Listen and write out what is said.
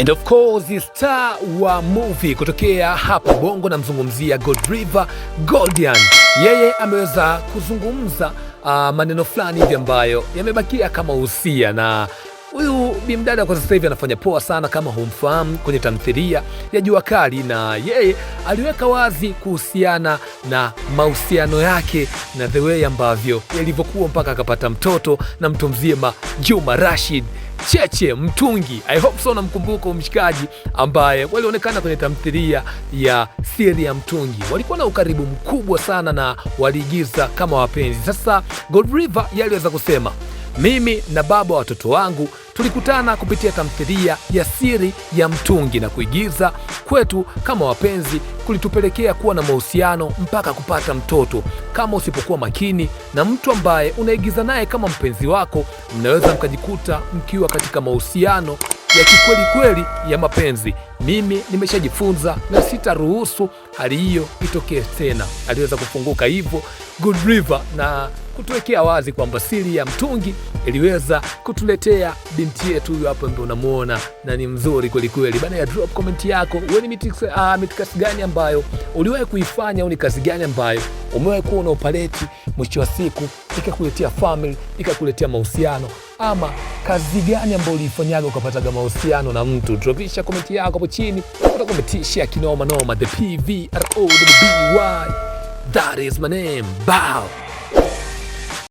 And of course star wa movie kutokea hapa Bongo, namzungumzia Godriva Goldian. Yeye ameweza kuzungumza uh, maneno fulani hivi ambayo yamebakia kama usia na Huyu bimdada kwa sasa hivi anafanya poa sana, kama humfahamu kwenye tamthilia ya Jua Kali, na yeye aliweka wazi kuhusiana na mahusiano yake na the way ambavyo yalivyokuwa mpaka akapata mtoto na mtu mzima Juma Rashid Cheche Mtungi. I hope so, namkumbuka mshikaji ambaye walionekana kwenye tamthilia ya Siri ya Mtungi, walikuwa na ukaribu mkubwa sana na waliigiza kama wapenzi. Sasa Gold River yaliweza kusema mimi na baba watoto wangu tulikutana kupitia tamthilia ya Siri ya Mtungi, na kuigiza kwetu kama wapenzi kulitupelekea kuwa na mahusiano mpaka kupata mtoto. Kama usipokuwa makini na mtu ambaye unaigiza naye kama mpenzi wako, mnaweza mkajikuta mkiwa katika mahusiano ya kikweli kweli ya mapenzi. Mimi nimeshajifunza na sitaruhusu hali hiyo itokee tena. Aliweza kufunguka hivyo Good River na kutuwekea wazi kwamba siri ya mtungi iliweza kutuletea binti yetu huyu hapo, ndio unamuona na ni mzuri kwelikweli Baada Ya drop comment yako, wewe ni mitikasi uh, mitikasi gani ambayo uliwahi kuifanya au ni kazi gani ambayo umewahi kuwa unaopaleti mwisho wa siku ikakuletea family ikakuletea mahusiano, ama kazi gani ambayo uliifanyaga ukapataga mahusiano na mtu? Dropisha komenti yako hapo chini, utakometisha kinoma noma. The PVROWBY, that is my name. Bow.